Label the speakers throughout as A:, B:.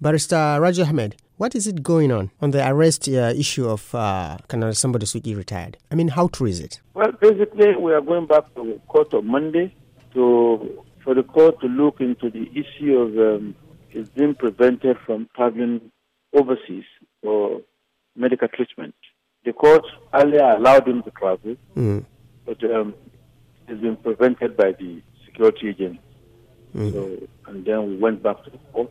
A: Barrister Raja Ahmed, what is it going on on the arrest uh, issue of uh, Somebody Suki retired? I mean, how true is it?
B: Well, basically, we are going back to court on Monday to for the court to look into the issue of um, being prevented from traveling overseas for medical treatment. The court earlier allowed him to travel, mm. but um, has been prevented by the security agent. Mm. So, and then we went back to the court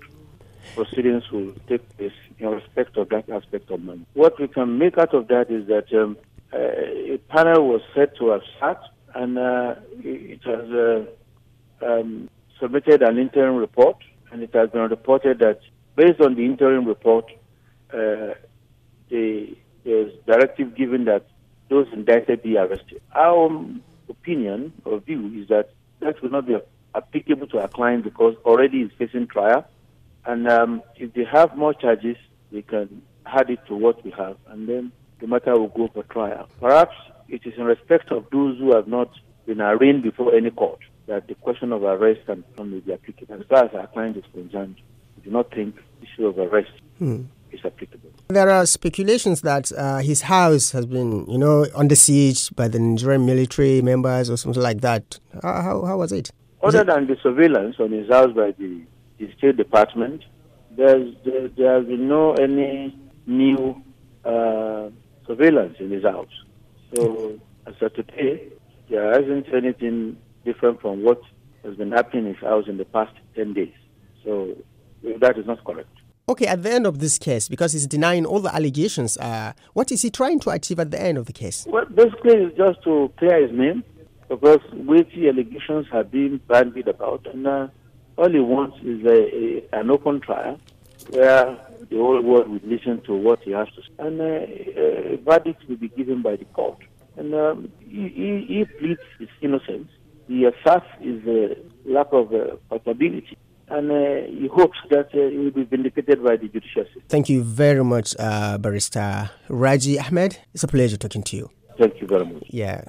B: proceedings will take place in respect of that aspect of money. What we can make out of that is that um, uh, a panel was set to have sat and uh, it has uh, um, submitted an interim report and it has been reported that based on the interim report, uh, the, there's directive given that those indicted be arrested. Our opinion or view is that that will not be applicable to our client because already is facing trial and um, if they have more charges, we can add it to what we have, and then the matter will go for trial. Perhaps it is in respect of those who have not been arraigned before any court that the question of arrest can become be applicable. As far as our client is concerned, we do not think the issue of arrest
A: hmm. is applicable. There are speculations that uh, his house has been, you know, under siege by the Nigerian military members or something like that. How, how, how was it?
B: Other it? than the surveillance on his house by the the State Department, there's, there, there has been no any new uh, surveillance in his house. So as of today, there hasn't anything different from what has been happening in his house in the past 10 days. So that is not correct.
A: Okay, at the end of this case, because he's denying all the allegations, uh, what is he trying to achieve at the end of the case?
B: Well, basically, it's just to clear his name because which allegations have been bandied about, and uh, all he wants is a, a, an open trial where the whole world would listen to what he has to say. And a uh, uh, verdict will be given by the court. And um, he, he, he, pleads his innocence. He asserts his uh, lack of uh, culpability and uh, he hopes that uh, he will be vindicated by the judicial system.
A: Thank you very much, uh, Barrister Raji Ahmed. It's a pleasure talking to you.
B: Thank you very much.
A: Yeah.